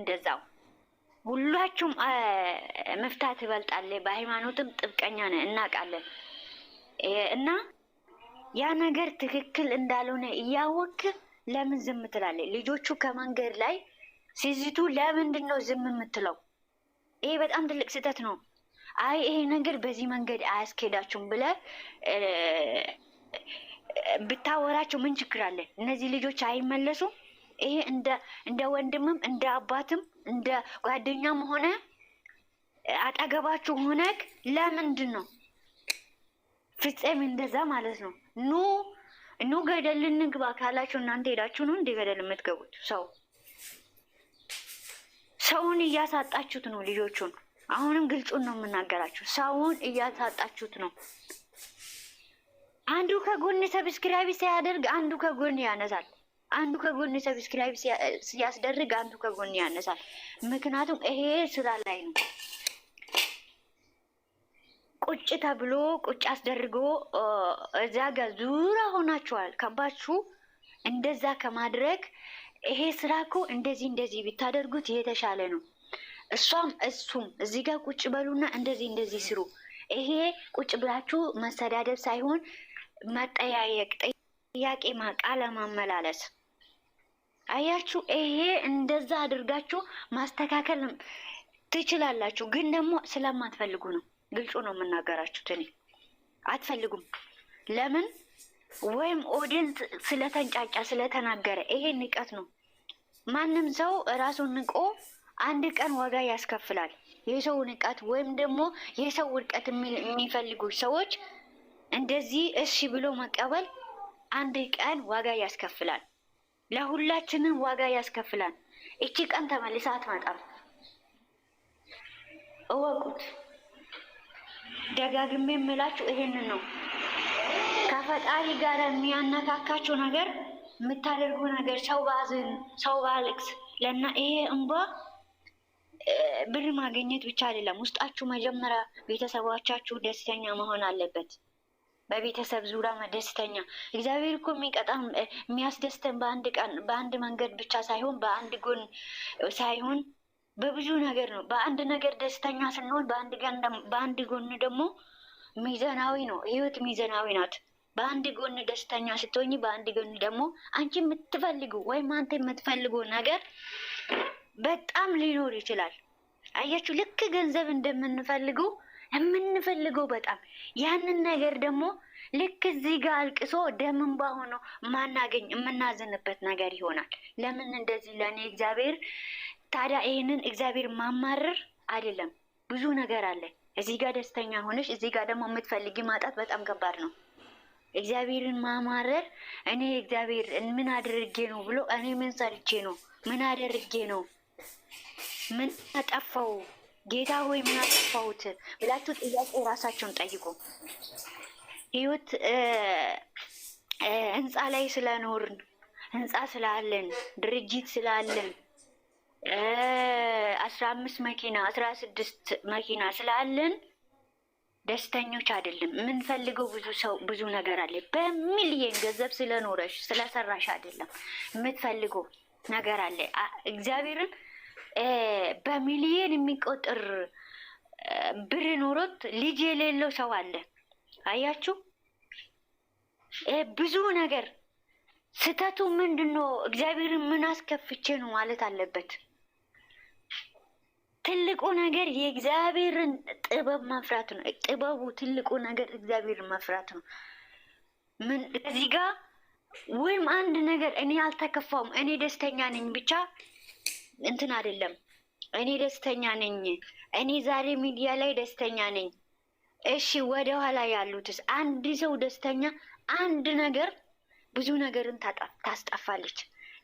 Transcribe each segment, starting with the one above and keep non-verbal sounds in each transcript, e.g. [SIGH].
እንደዛው ሁላችሁም መፍታት ይበልጣል። በሃይማኖትም ጥብቀኛ ነን እናውቃለን። እና ያ ነገር ትክክል እንዳልሆነ እያወቅ ለምን ዝም ትላለህ? ልጆቹ ከመንገድ ላይ ሲዝቱ ለምንድን ነው ዝም የምትለው? ይሄ በጣም ትልቅ ስህተት ነው። አይ ይሄ ነገር በዚህ መንገድ አያስኬዳችሁም ብለህ ብታወራቸው ምን ችግር አለ? እነዚህ ልጆች አይመለሱም። ይሄ እንደ ወንድምም እንደ አባትም እንደ ጓደኛም ሆነ አጠገባችሁ ሆነክ ለምንድን ነው ፍጼም እንደዛ ማለት ነው። ኑ ኑ ገደል ልንግባ ካላችሁ እናንተ ሄዳችሁ ነው እንደ ገደል የምትገቡት። ሰው ሰውን እያሳጣችሁት ነው ልጆቹን። አሁንም ግልጹን ነው የምናገራችሁ፣ ሰውን እያሳጣችሁት ነው። አንዱ ከጎን ሰብስክራይብ ሳያደርግ አንዱ ከጎን ያነሳል። አንዱ ከጎን ሰብስክራይብ ሲያስደርግ አንዱ ከጎን ያነሳል። ምክንያቱም ይሄ ስራ ላይ ነው። ቁጭ ተብሎ ቁጭ አስደርጎ እዛ ጋ ዙራ ሆናችኋል። ከባችሁ እንደዛ ከማድረግ ይሄ ስራ እኮ እንደዚህ እንደዚህ ብታደርጉት የተሻለ ነው። እሷም እሱም እዚህ ጋር ቁጭ በሉና እንደዚህ እንደዚህ ስሩ። ይሄ ቁጭ ብላችሁ መሰዳደብ ሳይሆን መጠያየቅ ጥያቄ ማቃ ለማመላለስ አያችሁ፣ ይሄ እንደዛ አድርጋችሁ ማስተካከል ትችላላችሁ፣ ግን ደግሞ ስለማትፈልጉ ነው። ግልጹ ነው የምናገራችሁት። እኔ አትፈልጉም። ለምን ወይም ኦዲየንስ ስለተንጫጫ ስለተናገረ፣ ይሄ ንቀት ነው። ማንም ሰው ራሱን ንቆ አንድ ቀን ዋጋ ያስከፍላል። የሰው ንቀት ወይም ደግሞ የሰው ውድቀት የሚፈልጉ ሰዎች እንደዚህ እሺ ብሎ መቀበል አንድ ቀን ዋጋ ያስከፍላል። ለሁላችንም ዋጋ ያስከፍላል። እቺ ቀን ተመልሳ አትመጣም፣ እወቁት። ደጋግሜ የምላችሁ ይሄንን ነው። ከፈጣሪ ጋር የሚያነካካችሁ ነገር የምታደርጉ ነገር ሰው ባዝን፣ ሰው ባልቅስ ለና ይሄ እንባ ብር ማግኘት ብቻ አይደለም። ውስጣችሁ መጀመሪያ ቤተሰቦቻችሁ ደስተኛ መሆን አለበት። በቤተሰብ ዙሪያ ደስተኛ እግዚአብሔር እኮ የሚቀጣም የሚያስደስተን በአንድ ቀን በአንድ መንገድ ብቻ ሳይሆን በአንድ ጎን ሳይሆን በብዙ ነገር ነው። በአንድ ነገር ደስተኛ ስንሆን በአንድ ጎን ደግሞ ሚዘናዊ ነው። ህይወት ሚዘናዊ ናት። በአንድ ጎን ደስተኛ ስትሆኝ፣ በአንድ ጎን ደግሞ አንቺ የምትፈልጉ ወይም አንተ የምትፈልጉ ነገር በጣም ሊኖር ይችላል። አያችሁ ልክ ገንዘብ እንደምንፈልገው። የምንፈልገው በጣም ያንን ነገር ደግሞ ልክ እዚህ ጋር አልቅሶ ደምን ባሆነ ማናገኝ የምናዝንበት ነገር ይሆናል። ለምን እንደዚህ ለእኔ እግዚአብሔር ታዲያ ይህንን እግዚአብሔር ማማረር አይደለም። ብዙ ነገር አለ። እዚህ ጋር ደስተኛ ሆነሽ እዚህ ጋር ደግሞ የምትፈልጊ ማጣት በጣም ከባድ ነው። እግዚአብሔርን ማማረር እኔ እግዚአብሔር ምን አድርጌ ነው ብሎ እኔ ምን ሰርቼ ነው ምን አደርጌ ነው ምን አጠፋው ጌታ ሆይ ምን አጠፋሁት ብላችሁ ጥያቄ ራሳችሁን ጠይቁ። ህይወት ህንፃ ላይ ስለኖርን ህንፃ ስላለን ድርጅት ስላለን አስራ አምስት መኪና አስራ ስድስት መኪና ስላለን ደስተኞች አይደለም። የምንፈልገው ብዙ ሰው ብዙ ነገር አለ። በሚሊየን ገንዘብ ስለኖረሽ ስለሰራሽ አይደለም የምትፈልገው ነገር አለ እግዚአብሔርን በሚሊየን የሚቆጠር ብር ኖሮት ልጅ የሌለው ሰው አለ። አያችሁ፣ ብዙ ነገር ስህተቱ ምንድን ነው? እግዚአብሔርን ምን አስከፍቼ ነው ማለት አለበት። ትልቁ ነገር የእግዚአብሔርን ጥበብ መፍራት ነው። ጥበቡ ትልቁ ነገር እግዚአብሔርን መፍራት ነው። ምን ከዚህ ጋር ወይም አንድ ነገር እኔ አልተከፋውም፣ እኔ ደስተኛ ነኝ ብቻ እንትን አይደለም። እኔ ደስተኛ ነኝ። እኔ ዛሬ ሚዲያ ላይ ደስተኛ ነኝ። እሺ ወደኋላ ያሉትስ አንድ ሰው ደስተኛ አንድ ነገር ብዙ ነገርን ታስጠፋለች።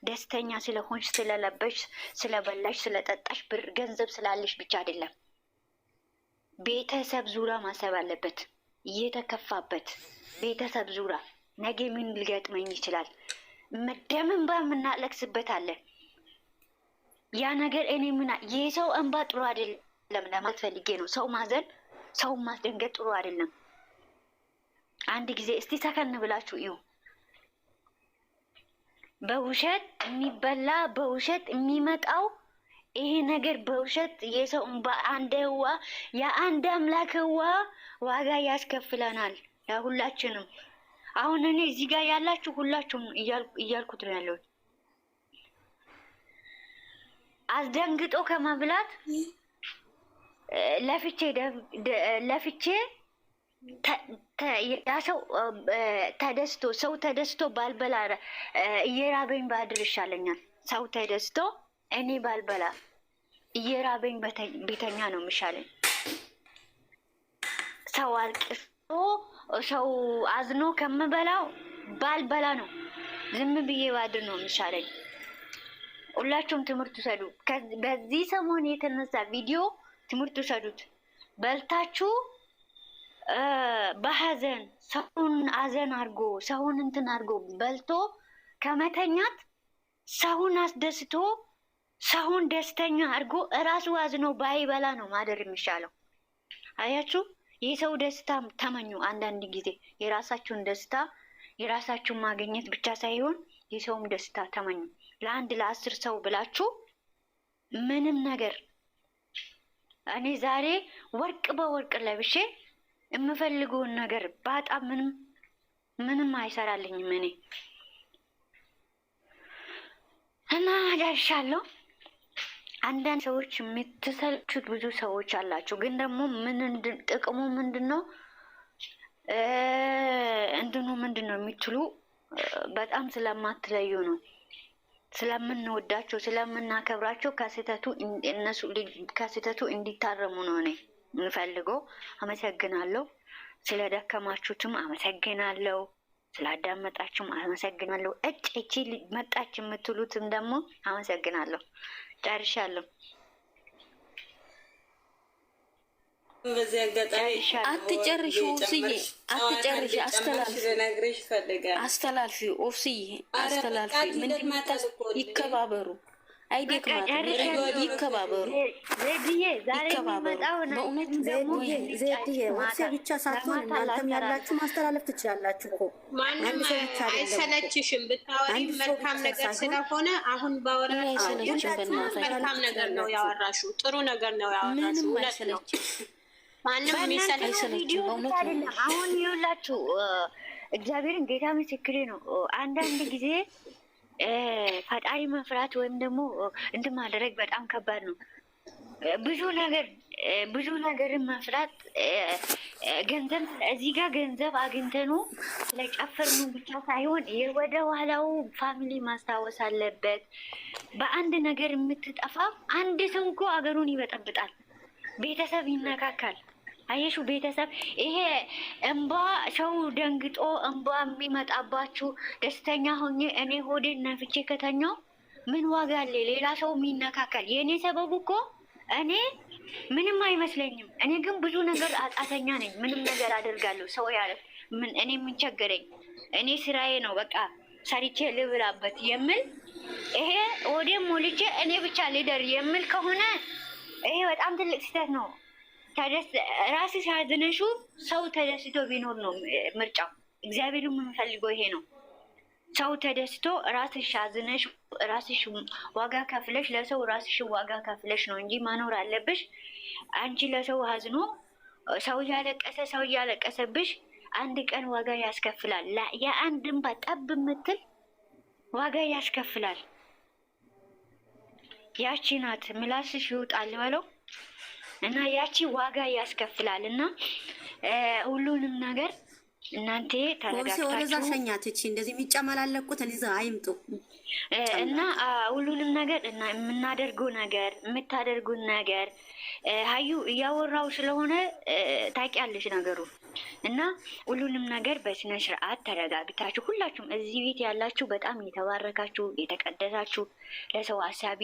ደስተኛ ስለሆንሽ፣ ስለለበሽ፣ ስለበላሽ፣ ስለጠጣሽ፣ ብር ገንዘብ ስላለሽ ብቻ አይደለም። ቤተሰብ ዙራ ማሰብ አለበት። እየተከፋበት ቤተሰብ ዙራ ነገ ምን ሊገጥመኝ ይችላል? ደም እንባ የምናለቅስበት ያ ነገር እኔ ምና የሰው እንባ ጥሩ አይደለም ለማለት ፈልጌ ነው። ሰው ማዘን፣ ሰው ማስደንገጥ ጥሩ አይደለም። አንድ ጊዜ እስቲ ሰከን ብላችሁ እዩ። በውሸት የሚበላ በውሸት የሚመጣው ይሄ ነገር በውሸት የሰው እንባ አንደዋ ህዋ የአንድ አምላክ ህዋ ዋጋ ያስከፍለናል ያሁላችንም አሁን እኔ እዚህ ጋር ያላችሁ ሁላችሁም እያልኩት ነው ያለሁት አስደንግጦ ከመብላት ለፍቼ ለፍቼ ያ ሰው ተደስቶ ሰው ተደስቶ ባልበላ እየራበኝ ባድር ይሻለኛል። ሰው ተደስቶ እኔ ባልበላ እየራበኝ ቤተኛ ነው የሚሻለኝ። ሰው አልቅሶ ሰው አዝኖ ከምበላው ባልበላ ነው ዝም ብዬ ባድር ነው የሚሻለኝ። ሁላችሁም ትምህርት ውሰዱ። በዚህ ሰሞን የተነሳ ቪዲዮ ትምህርት ውሰዱት። በልታችሁ በሀዘን ሰውን አዘን አድርጎ ሰውን እንትን አድርጎ በልቶ ከመተኛት ሰውን አስደስቶ ሰውን ደስተኛ አድርጎ እራሱ አዝኖ ባይበላ ነው ማደር የሚሻለው። አያችሁ፣ የሰው ደስታ ተመኙ። አንዳንድ ጊዜ የራሳችሁን ደስታ የራሳችሁን ማግኘት ብቻ ሳይሆን የሰውም ደስታ ተመኙ። ለአንድ ለአስር ሰው ብላችሁ ምንም ነገር እኔ ዛሬ ወርቅ በወርቅ ለብሼ የምፈልገውን ነገር ባጣ ምንም ምንም አይሰራልኝም። እኔ እና ደርሻለሁ። አንዳንድ ሰዎች የምትሰልቹት ብዙ ሰዎች አላችሁ። ግን ደግሞ ምን ጥቅሙ ምንድን ነው እንትኑ ምንድን ነው የሚችሉ በጣም ስለማትለዩ ነው። ስለምንወዳቸው ስለምናከብራቸው ከስህተቱ እነሱ ከስህተቱ እንዲታረሙ ነው እኔ የምፈልገው። አመሰግናለሁ። ስለደከማችሁትም አመሰግናለሁ። ስላዳመጣችሁም አመሰግናለሁ። እጭ እቺ መጣች የምትሉትም ደግሞ አመሰግናለሁ። ጨርሻለሁ። አትጨርሽ ኦፍስዬ፣ አትጨርሽ አስተላልፊ ኦፍስዬ፣ አስተላልፊ ይከባበሩ። አይደክማትም፣ ይከባበሩ፣ ይከባበሩ። በእውነት ዘድዬ ወፍሴ ብቻ ሳትሆን እናንተም ያላችሁ ማስተላለፍ ትችላላችሁ እኮ ማንም አይሰለችሽም። ብታወሪ መልካም ነገር ስለሆነ አሁን ባወራ መልካም ነገር ነው ያወራሹ፣ ጥሩ ነገር ነው ያወራሹ። ምንም አይሰለችም። ማንም አሁን ይኸውላችሁ፣ እግዚአብሔርን ጌታ ምስክሬ ነው። አንዳንድ ጊዜ ፈጣሪ መፍራት ወይም ደግሞ እንትን ማድረግ በጣም ከባድ ነው። ብዙ ነገር ብዙ ነገርን መፍራት ገንዘብ እዚህ ጋር ገንዘብ አግኝተኑ ስለጨፈርኑ ብቻ ሳይሆን የወደ ኋላው ፋሚሊ ማስታወስ አለበት። በአንድ ነገር የምትጠፋ አንድ ሰው እኮ አገሩን ይበጠብጣል፣ ቤተሰብ ይነካካል። አየሹ ቤተሰብ ይሄ እንባ ሰው ደንግጦ እንባ የሚመጣባችሁ ደስተኛ ሆኜ እኔ ሆዴን ነፍቼ ከተኛው ምን ዋጋ አለ? ሌላ ሰው የሚነካከል የእኔ ሰበቡ እኮ እኔ ምንም አይመስለኝም። እኔ ግን ብዙ ነገር አጣተኛ ነኝ። ምንም ነገር አደርጋለሁ። ሰው ያለ ምን እኔ የምንቸገረኝ እኔ ስራዬ ነው በቃ ሰሪቼ ልብላበት የምል ይሄ ወዴም ሞልቼ እኔ ብቻ ሊደር የምል ከሆነ ይሄ በጣም ትልቅ ስህተት ነው። ራሴ ሲያዝነሹ ሰው ተደስቶ ቢኖር ነው ምርጫው። እግዚአብሔር የምንፈልገው ይሄ ነው። ሰው ተደስቶ ራስሽ አዝነሽ ራስሽ ዋጋ ከፍለሽ ለሰው ራስሽ ዋጋ ከፍለሽ ነው እንጂ መኖር አለብሽ። አንቺ ለሰው አዝኖ ሰው እያለቀሰ ሰው እያለቀሰብሽ አንድ ቀን ዋጋ ያስከፍላል። የአንድ እንባ ጠብ የምትል ዋጋ ያስከፍላል። ያቺ ናት ምላስሽ ይውጣል በለው። እና ያቺ ዋጋ ያስከፍላል እና ሁሉንም ነገር እናንተ ተረጋግታችሁ ወደዛ ሸኛት። እቺ እንደዚህ የሚጨመላለቁት ሊዛ አይምጡ እና ሁሉንም ነገር እና የምናደርገው ነገር የምታደርጉን ነገር ሀዩ እያወራው ስለሆነ ታውቂያለሽ ነገሩ እና ሁሉንም ነገር በስነ ስርዓት ተረጋግታችሁ ሁላችሁም እዚህ ቤት ያላችሁ በጣም የተባረካችሁ የተቀደሳችሁ ለሰው አሳቢ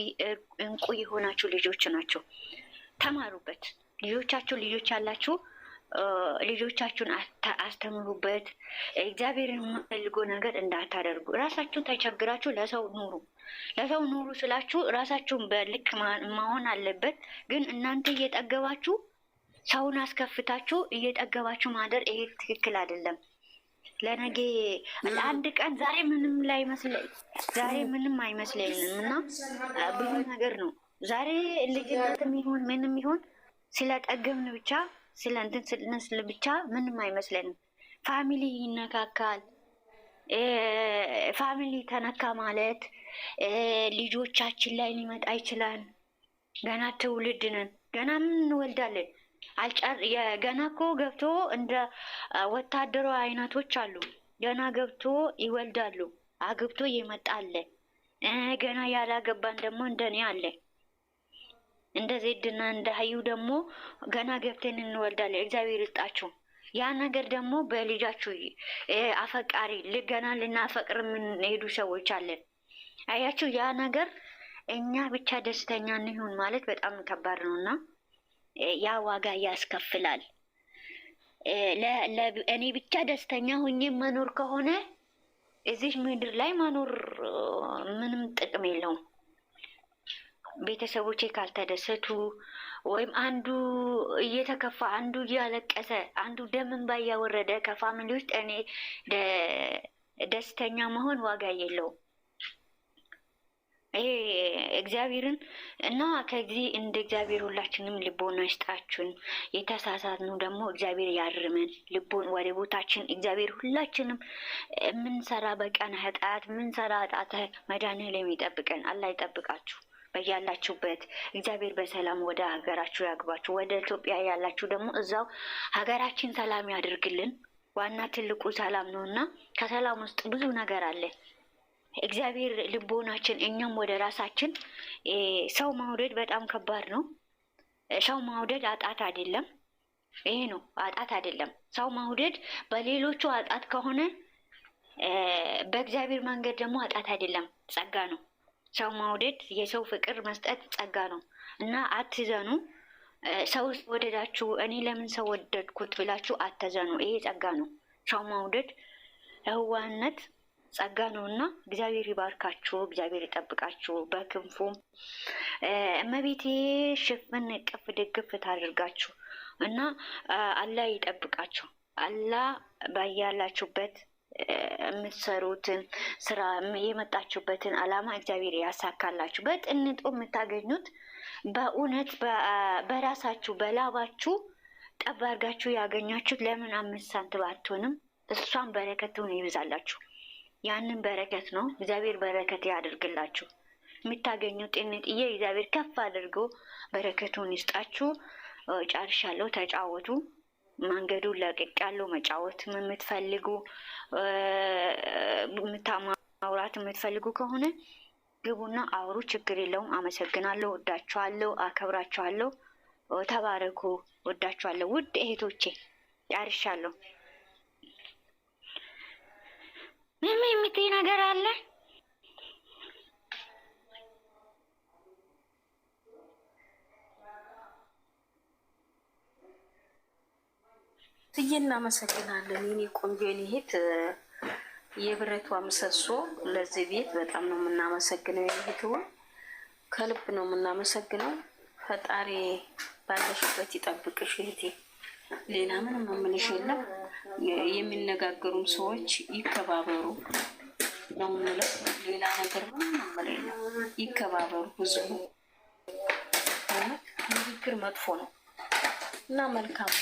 እንቁ የሆናችሁ ልጆች ናቸው። ተማሩበት። ልጆቻችሁ ልጆች ያላችሁ ልጆቻችሁን አስተምሩበት። እግዚአብሔርን የምፈልገው ነገር እንዳታደርጉ። ራሳችሁን ተቸግራችሁ ለሰው ኑሩ። ለሰው ኑሩ ስላችሁ ራሳችሁን በልክ መሆን አለበት። ግን እናንተ እየጠገባችሁ ሰውን አስከፍታችሁ እየጠገባችሁ ማደር ይሄ ትክክል አይደለም። ለነገ አንድ ቀን ዛሬ ምንም ላይ ዛሬ ምንም አይመስለኝም እና ብዙ ነገር ነው ዛሬ ልጅነት የሚሆን ምንም ይሁን ስለጠገብን ብቻ ስለ እንትን ብቻ ምንም አይመስለንም። ፋሚሊ ይነካካል። ፋሚሊ ተነካ ማለት ልጆቻችን ላይ ሊመጣ ይችላል። ገና ትውልድ ነን፣ ገና እንወልዳለን። ገና እኮ ገብቶ እንደ ወታደራዊ አይነቶች አሉ። ገና ገብቶ ይወልዳሉ። አግብቶ ይመጣል። ገና ያላገባን ደግሞ እንደኔ አለ። እንደ ዜድና እንደ ሀዩ ደግሞ ገና ገብተን እንወልዳለን። እግዚአብሔር ይስጣችሁ። ያ ነገር ደግሞ በልጃችሁ አፈቃሪ ገና ልናፈቅር የምንሄዱ ሰዎች አለን። አያችሁ፣ ያ ነገር እኛ ብቻ ደስተኛ እንሆን ማለት በጣም ከባድ ነው እና ያ ዋጋ ያስከፍላል። እኔ ብቻ ደስተኛ ሁኜ መኖር ከሆነ እዚህ ምድር ላይ መኖር ምንም ጥቅም የለውም። ቤተሰቦቼ ካልተደሰቱ ወይም አንዱ እየተከፋ አንዱ እያለቀሰ አንዱ ደምን እንባ እያወረደ ከፋሚሊ ውስጥ እኔ ደስተኛ መሆን ዋጋ የለውም። ይሄ እግዚአብሔርን እና ከዚህ እንደ እግዚአብሔር ሁላችንም ልቦን ይስጣችን። የተሳሳትኑ ደግሞ እግዚአብሔር ያርምን ልቦን ወደ ቦታችን እግዚአብሔር ሁላችንም የምንሰራ በቀን ኃጢአት የምንሰራ ኃጢአት መድኃኒዓለም ይጠብቀን። አላህ ይጠብቃችሁ። በያላችሁበት እግዚአብሔር በሰላም ወደ ሀገራችሁ ያግባችሁ። ወደ ኢትዮጵያ ያላችሁ ደግሞ እዛው ሀገራችን ሰላም ያደርግልን። ዋና ትልቁ ሰላም ነው እና ከሰላም ውስጥ ብዙ ነገር አለ። እግዚአብሔር ልቦናችን እኛም ወደ ራሳችን ሰው ማውደድ በጣም ከባድ ነው። ሰው ማውደድ አጣት አይደለም፣ ይሄ ነው አጣት አይደለም። ሰው ማውደድ በሌሎቹ አጣት ከሆነ በእግዚአብሔር መንገድ ደግሞ አጣት አይደለም፣ ጸጋ ነው። ሰው መውደድ የሰው ፍቅር መስጠት ጸጋ ነው እና አትዘኑ። ሰው ወደዳችሁ እኔ ለምን ሰው ወደድኩት ብላችሁ አትዘኑ። ይሄ ጸጋ ነው። ሰው መውደድ ለህዋነት ጸጋ ነው እና እግዚአብሔር ይባርካችሁ፣ እግዚአብሔር ይጠብቃችሁ። በክንፉ እመቤቴ ሽፍን ቅፍ ድግፍ ታደርጋችሁ እና አላህ ይጠብቃችሁ። አላህ ባያላችሁበት የምትሰሩትን ስራ የመጣችሁበትን አላማ እግዚአብሔር ያሳካላችሁ። በጥንጦ የምታገኙት በእውነት በራሳችሁ በላባችሁ ጠብ አድርጋችሁ ያገኛችሁት ለምን አምስት ሳንቲም ባትሆንም እሷን በረከት ሆነ ይብዛላችሁ። ያንን በረከት ነው እግዚአብሔር በረከት ያደርግላችሁ። የምታገኘው ጤንጥዬ እግዚአብሔር ከፍ አድርጎ በረከቱን ይስጣችሁ። ጨርሻለሁ። ተጫወቱ። መንገዱን ለቅቄያለሁ። መጫወት የምትፈልጉ ማውራት የምትፈልጉ ከሆነ ግቡና አውሩ፣ ችግር የለውም። አመሰግናለሁ፣ ወዳችኋለሁ፣ አከብራችኋለሁ። ተባረኩ፣ ወዳችኋለሁ። ውድ እህቶቼ ጨርሻለሁ። ምን የምትይ ነገር አለ? ትዬ እናመሰግናለን። የኔ ቆንጆ ንሄት የብረቷ ምሰሶ ለዚህ ቤት በጣም ነው የምናመሰግነው። የእህትውን ከልብ ነው የምናመሰግነው። ፈጣሪ ባለሽበት ይጠብቅሽ እህቴ። ሌላ ምንም የምልሽ የለም። የሚነጋገሩም ሰዎች ይከባበሩ ነው ሌላ ነገር ምንም የምለው የለም። ይከባበሩ ህዝቡ። ንግግር መጥፎ ነው እና መልካም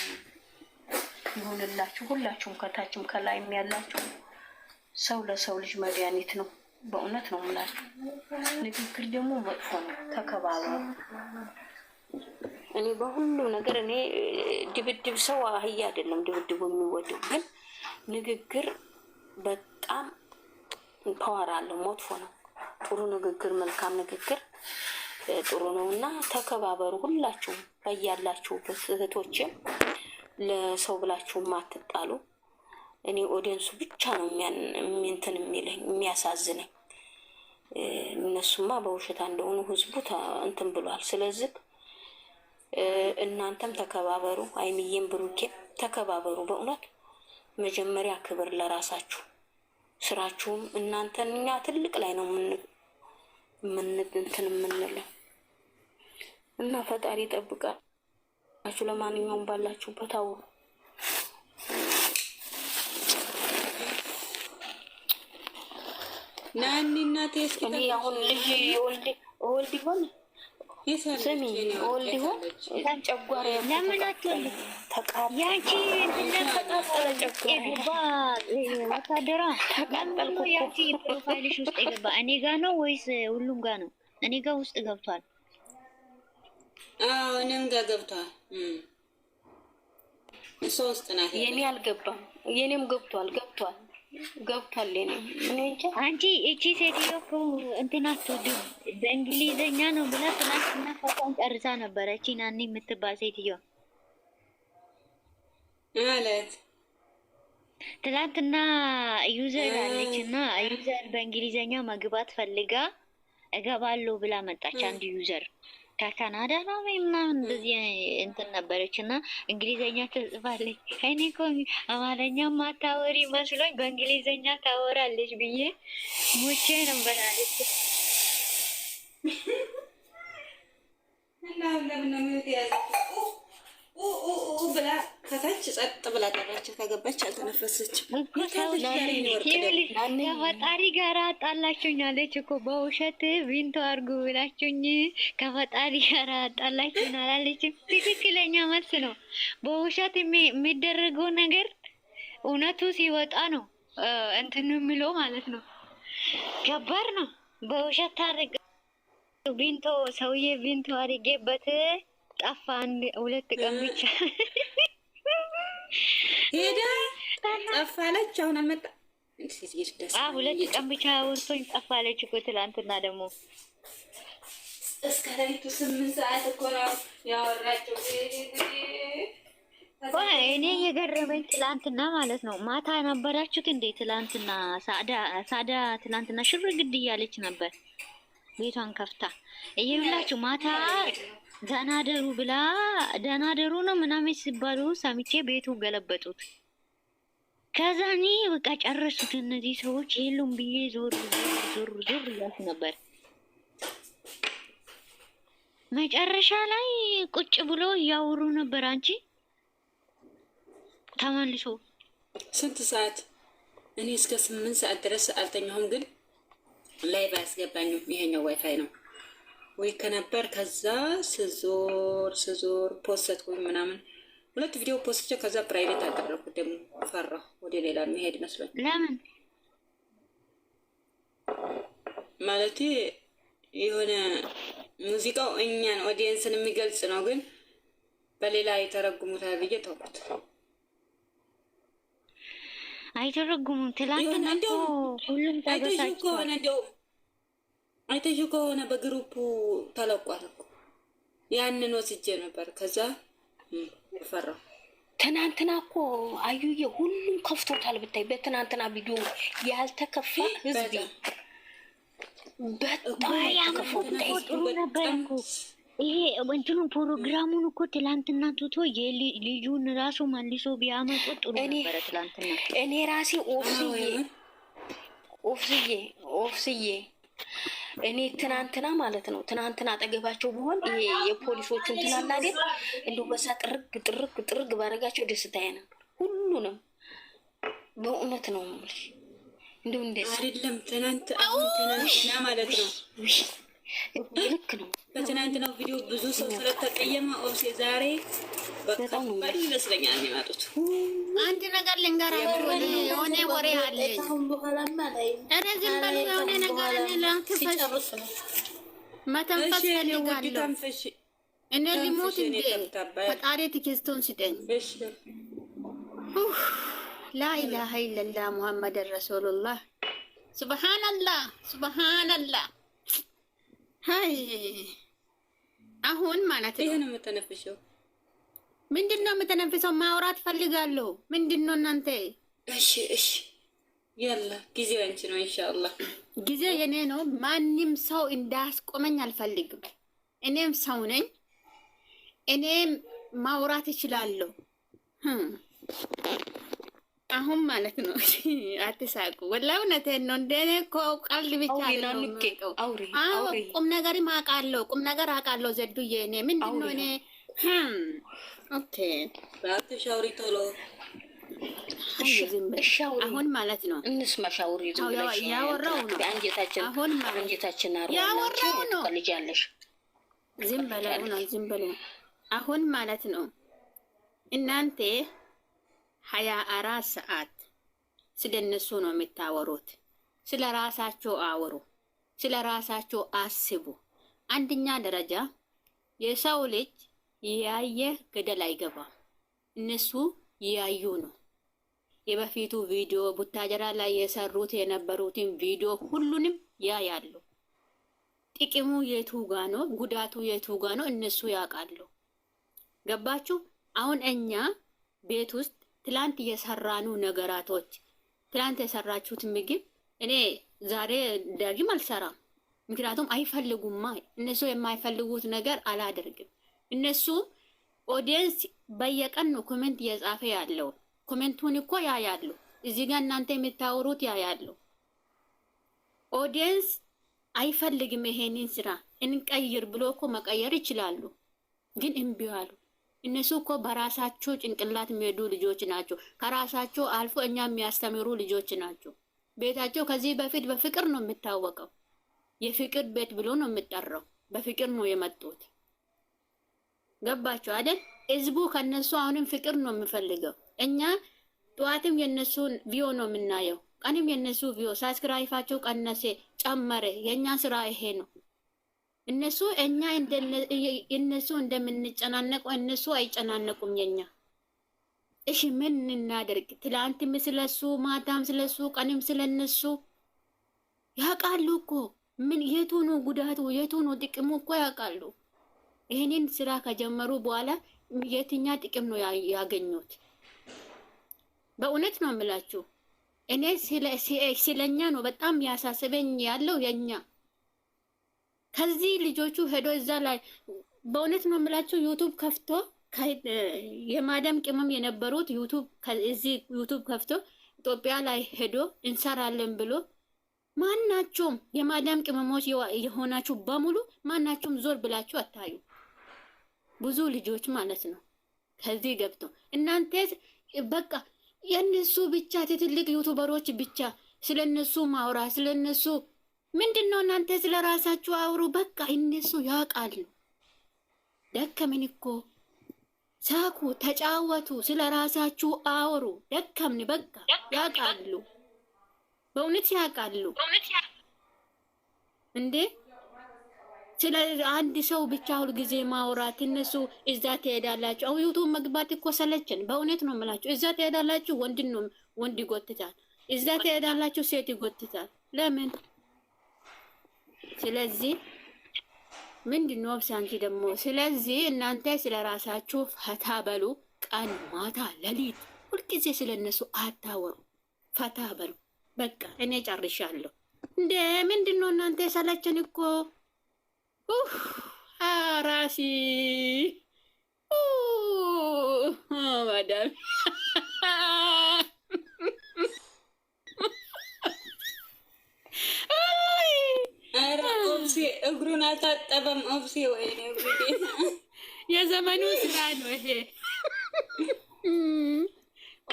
ይሁንላችሁ። ሁላችሁም ከታችም ከላይም ያላችሁ ሰው ለሰው ልጅ መድኃኒት ነው። በእውነት ነው የምላችሁ። ንግግር ደግሞ መጥፎ ነው። ተከባበሩ። እኔ በሁሉ ነገር እኔ ድብድብ ሰው አህያ አይደለም ድብድቡ የሚወደው ግን ንግግር በጣም ፓወር አለው። መጥፎ ነው። ጥሩ ንግግር፣ መልካም ንግግር ጥሩ ነው እና ተከባበሩ ሁላችሁም በያላችሁበት እህቶችም ለሰው ብላችሁ ማትጣሉ። እኔ ኦዲየንሱ ብቻ ነው እንትን የሚለኝ የሚያሳዝነኝ። እነሱማ በውሸታ እንደሆኑ ህዝቡ እንትን ብሏል። ስለዚህ እናንተም ተከባበሩ፣ አይምዬም ብሩኬም ተከባበሩ። በእውነት መጀመሪያ ክብር ለራሳችሁ ስራችሁም እናንተን እኛ ትልቅ ላይ ነው ምንትን የምንለው እና ፈጣሪ ይጠብቃል። ያወቃችሁ ለማንኛውም ባላችሁበት አውሩ። ናኒና ቴስኪ አሁን ልጅ ወልድ ወልድ ይሆን ስሚ ወልድ ይሆን እንኳን ጨጓራ ለምን አትወልድ? ያንቺ ተቃጠለ ወታደራ ተቃጠልኩ። ያንቺ ፕሮፋይልሽ ውስጥ የገባ እኔ ጋ ነው ወይስ ሁሉም ጋ ነው? እኔ ጋ ውስጥ ገብቷል። እኔም ጋር ገብቷል። ሶስት ናት። የኔ አልገባም። የኔም ገብቷል ገብቷል ገብቷል። ኔ ምን እንጂ አንቺ እቺ ሴትዮ እኮ እንትናቱ በእንግሊዘኛ ነው ብላ ትናንትና ፈጣን ጨርሳ ነበረ። እቺ ናኒ የምትባል ሴትዮ ማለት ትላንትና ዩዘር አለች እና ዩዘር በእንግሊዘኛ መግባት ፈልጋ እገባለሁ ብላ መጣች። አንድ ዩዘር ከካናዳ ነው ምናምን እንደዚህ እንትን ነበረች እና እንግሊዘኛ ትጽፋለች። እኔ እኮ አማርኛ ማታወሪ መስሎኝ በእንግሊዘኛ ታወራለች ብዬ ሙቼ በላለች። እና ለምን ነው ብላ ከታች ጸጥ ብላ ቀረች። ከገባች አልተነፈሰችም። ከፈጣሪ ጋር አጣላችሁኝ አለች እኮ በውሸት ቪንቶ አድርጉ ብላችሁኝ ከፈጣሪ ጋር አጣላችሁኝ አላለችም። ትክክለኛ መልስ ነው። በውሸት የሚደረገው ነገር እውነቱ ሲወጣ ነው እንትን የሚለው ማለት ነው። ከባድ ነው። በውሸት ታርግ ቪንቶ ሰውዬ ቪንቶ አድርጌበት ጠፋ። አንድ ሁለት ቀን ብቻ ሄዳ ጠፋለች። አሁን አልመጣ ሁለት ቀን ብቻ ወርቶኝ ጠፋለች እኮ ትላንትና ደግሞ እስከ ስምንት ሰዓት እኮ ነው ያወራቸው። እኔ የገረመኝ ትላንትና ማለት ነው ማታ ነበራችሁት እንዴ? ትላንትና ሳዳ ትላንትና ሽር ግድ እያለች ነበር ቤቷን ከፍታ እየሉላችሁ ማታ ደህና ደሩ ብላ ደህና ደሩ ነው ምናምን ሲባሉ ሰምቼ ቤቱን ገለበጡት። ከዛ እኔ በቃ ጨረሱት። እነዚህ ሰዎች የሉም ብዬ ዞር ዞር ዞር እያልኩ ነበር። መጨረሻ ላይ ቁጭ ብሎ እያወሩ ነበር። አንቺ ተመልሶ ስንት ሰዓት እኔ እስከ ስምንት ሰዓት ድረስ አልተኛሁም፣ ግን ላይ ባያስገባኝም ይሄኛው ዋይፋይ ነው ወይ ከነበር ከዛ ስዞር ስዞር ፖስት ወይ ምናምን ሁለት ቪዲዮ ፖስት፣ ከዛ ፕራይቬት አደረኩ። ደግሞ ፈራሁ ወደ ሌላ መሄድ መስሎኝ። ለምን ማለት የሆነ ሙዚቃው እኛን ኦዲየንስን የሚገልጽ ነው፣ ግን በሌላ የተረጉሙት ብዬ ተውኩት። አይተረጉሙም። ትላንትና ሁሉም ታገሳቸው አይተሽ ከሆነ በግሩፑ ተለቋል እኮ ያንን ወስጄ ነበር። ከዛ ፈራ ትናንትና እኮ አዩዬ ሁሉም ከፍቶታል ብታይ፣ በትናንትና ቪዲዮ ያልተከፋ ህዝቢ በጣም ከፎ ብታይ ይሄ እንትኑ ፕሮግራሙን እኮ ትላንትና ትቶ የልጁን ራሱ መልሶ ቢያመጡ ጥሩ ነበረ። ትላንትና እኔ ራሴ ኦፍስዬ ኦፍስዬ ኦፍስዬ እኔ ትናንትና ማለት ነው ትናንትና አጠገባቸው ብሆን ይሄ የፖሊሶቹ ትናና ግን እንዲሁ በሳ ጥርግ ጥርግ ጥርግ ባረጋቸው ደስታዬ ነበር። ሁሉንም በእውነት ነው የምልሽ እንዲሁ እንደ አይደለም ትናንት አሁን ትናንትና ማለት ነው ልክ ነው። በትናንትናው ቪዲዮ ብዙ ሰው ስለተቀየመ ኦብሴ ዛሬ በጣም ይመስለኛል የሚመጡት። አንድ ነገር ልንገራችሁ፣ የሆነ ወሬ አለ። እኔ ዝም በሉ የሆነ ነገር ላንክፈሽ፣ መተንፈስ ፈልጋለሁ እኔ ሊሞት እንዴ! ፈጣሪ ትዕግስቱን ስጠኝ። ላኢላሀ ኢለላህ ሙሐመድ ረሱሉላህ። ሱብሃነላህ ሱብሃነላህ። አይ አሁን ማለት ነው ይሄ ነው የምተነፍሸው ምንድን ነው የምተነፍሰው? ማውራት ፈልጋለሁ። ምንድን ነው እናንተ? እሺ እሺ፣ ያለ ጊዜ አንቺ ነው። ኢንሻአላህ ጊዜ የኔ ነው። ማንም ሰው እንዳያስቆመኝ አልፈልግም። እኔም ሰው ነኝ። እኔም ማውራት እችላለሁ። አሁን ማለት ነው። [LAUGHS] አትሳቁ። ወላሂ እውነቴን ነው። እንደኔ እኔ እኮ ቀልድ ብቻ ቁም ነገር አውቃለሁ። ቁም ነገር አውቃለሁ። ዘዱዬ እኔ ምንድን ነው እኔ ኦኬ ሻውሪ ቶሎ አሁን ማለት ነው እንስማ። ሻውሪ ያወራው ነው። አንጀታችን አንጀታችን ያወራው ነው። ልጃለሽ ዝም በለው ነው። ዝም በለው አሁን ማለት ነው። እናንተ ሀያ አራት ሰዓት ስለነሱ ነው የምታወሩት። ስለ ራሳቸው አወሩ። ስለ ራሳቸው አስቡ። አንደኛ ደረጃ የሰው ልጅ ያየ ገደል አይገባም። እነሱ ያዩ ነው። የበፊቱ ቪዲዮ ቡታጀራ ላይ የሰሩት የነበሩትን ቪዲዮ ሁሉንም ያ ያሉ ጥቅሙ የቱ ጋ ነው? ጉዳቱ የቱ ጋ ነው? እነሱ ያውቃሉ። ገባችሁ? አሁን እኛ ቤት ውስጥ ትላንት የሰራኑ ነገራቶች ትላንት የሰራችሁት ምግብ እኔ ዛሬ ዳግም አልሰራም። ምክንያቱም አይፈልጉማ። እነሱ የማይፈልጉት ነገር አላደርግም። እነሱ ኦዲየንስ በየቀን ነው ኮሜንት እየጻፈ ያለው። ኮሜንቱን እኮ ያያሉ። እዚህ ጋር እናንተ የምታወሩት ያያሉ። ኦዲየንስ አይፈልግም ይሄንን ስራ እንቀይር ብሎ እኮ መቀየር ይችላሉ፣ ግን እምቢ አሉ። እነሱ እኮ በራሳቸው ጭንቅላት የሚሄዱ ልጆች ናቸው። ከራሳቸው አልፎ እኛ የሚያስተምሩ ልጆች ናቸው። ቤታቸው ከዚህ በፊት በፍቅር ነው የሚታወቀው። የፍቅር ቤት ብሎ ነው የሚጠራው። በፍቅር ነው የመጡት። ገባችሁ አይደል? ህዝቡ ከነሱ አሁንም ፍቅር ነው የምፈልገው። እኛ ጠዋትም የነሱን ቪዮ ነው የምናየው፣ ቀንም የነሱ ቪዮ። ሳስክራይፋቸው ቀነሴ ጨመረ፣ የእኛ ስራ ይሄ ነው። እነሱ እኛ እነሱ እንደምንጨናነቁ እነሱ አይጨናነቁም። የኛ እሺ ምን እናደርግ? ትላንትም ስለሱ፣ ማታም ስለሱ፣ ቀንም ስለነሱ ያውቃሉ እኮ ምን የቱ ነው ጉዳቱ፣ የቱ ነው ጥቅሙ እኮ ያውቃሉ። ይህንን ስራ ከጀመሩ በኋላ የትኛ ጥቅም ነው ያገኙት? በእውነት ነው የምላችሁ። እኔ ስለኛ ነው በጣም ያሳስበኝ ያለው የኛ ከዚህ ልጆቹ ሄዶ እዛ ላይ በእውነት ነው የምላችሁ ዩቱብ ከፍቶ የማደም ቅመም የነበሩት ዩቱብ እዚህ ዩቱብ ከፍቶ ኢትዮጵያ ላይ ሄዶ እንሰራለን ብሎ ማናቸውም የማዳም ቅመሞች የሆናችሁ በሙሉ ማናቸውም ዞር ብላችሁ አታዩ። ብዙ ልጆች ማለት ነው ከዚህ ገብቶ እናንተ በቃ የእነሱ ብቻ ትልቅ ዩቱበሮች ብቻ ስለ እነሱ ማውራ ስለ እነሱ ምንድን ነው እናንተ ስለ ራሳችሁ አውሩ። በቃ እነሱ ያውቃሉ። ደከምን እኮ ሳኩ፣ ተጫወቱ፣ ስለ ራሳችሁ አውሩ። ደከምን በቃ ያውቃሉ፣ በእውነት ያውቃሉ እንዴ ስለ አንድ ሰው ብቻ ሁልጊዜ ማውራት እነሱ እዛ ትሄዳላችሁ። አሁን ዩቱብ መግባት እኮ ሰለችን። በእውነት ነው የምላችሁ። እዛ ትሄዳላችሁ፣ ወንድ ነው ወንድ ይጎትታል። እዛ ትሄዳላችሁ፣ ሴት ይጎትታል። ለምን? ስለዚህ ምንድን ነው ሳንቲ ደግሞ። ስለዚህ እናንተ ስለ ራሳችሁ ፈታ በሉ። ቀን ማታ፣ ሌሊት ሁልጊዜ ስለ እነሱ አታወሩ። ፈታ በሉ። በቃ እኔ ጨርሻለሁ። እንዴ ምንድን ነው እናንተ ሰለችን እኮ አራሲ uh, uh, oh, ማዳም እግሩን አታጠበም። ኦብሴ ወይ የዘመኑ ስራ ነው ይሄ።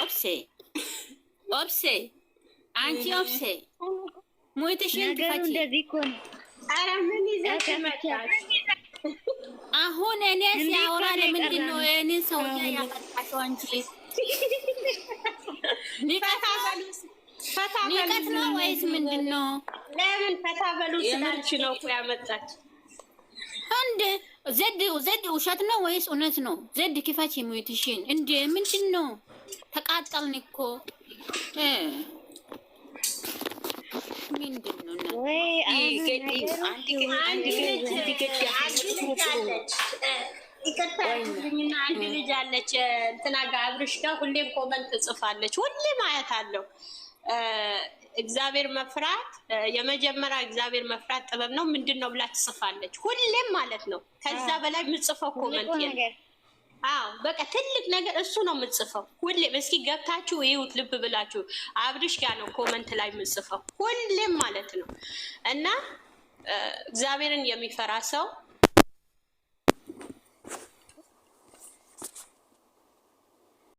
ኦብሴ ኦብሴ አንቺ ኦብሴ ሞትሽን ትፈጪ አሁን እኔ ሲያወራ ለምንድን ነው እኔ ሰው ያፈጣሽው? አንቺ ሊቀት ነው ወይስ ምንድን ነው? ለምን ፈታ በሉ ስላልች ነው እኮ ያመጣች። እንደ ዘድ ዘድ ውሸት ነው ወይስ እውነት ነው? ዘድ ክፈች ሙትሽን። እንዴ ምንድን ነው? ተቃጠልን እኮ ይቅርታልኝና አንድ ልጅ አለች እንትና ጋር አብርሽ ጋር ሁሌም ኮመንት ትጽፋለች። ሁሌም አያት አለው እግዚአብሔር መፍራት የመጀመሪያ እግዚአብሔር መፍራት ጥበብ ነው ምንድን ነው ብላ ትጽፋለች። ሁሌም ማለት ነው። ከዛ በላይ የምጽፈው ኮመንት አዎ በቃ ትልቅ ነገር እሱ ነው የምጽፈው። ሁሌም እስኪ ገብታችሁ ይሁት ልብ ብላችሁ አብርሽ ጋ ነው ኮመንት ላይ የምጽፈው ሁሌም ማለት ነው። እና እግዚአብሔርን የሚፈራ ሰው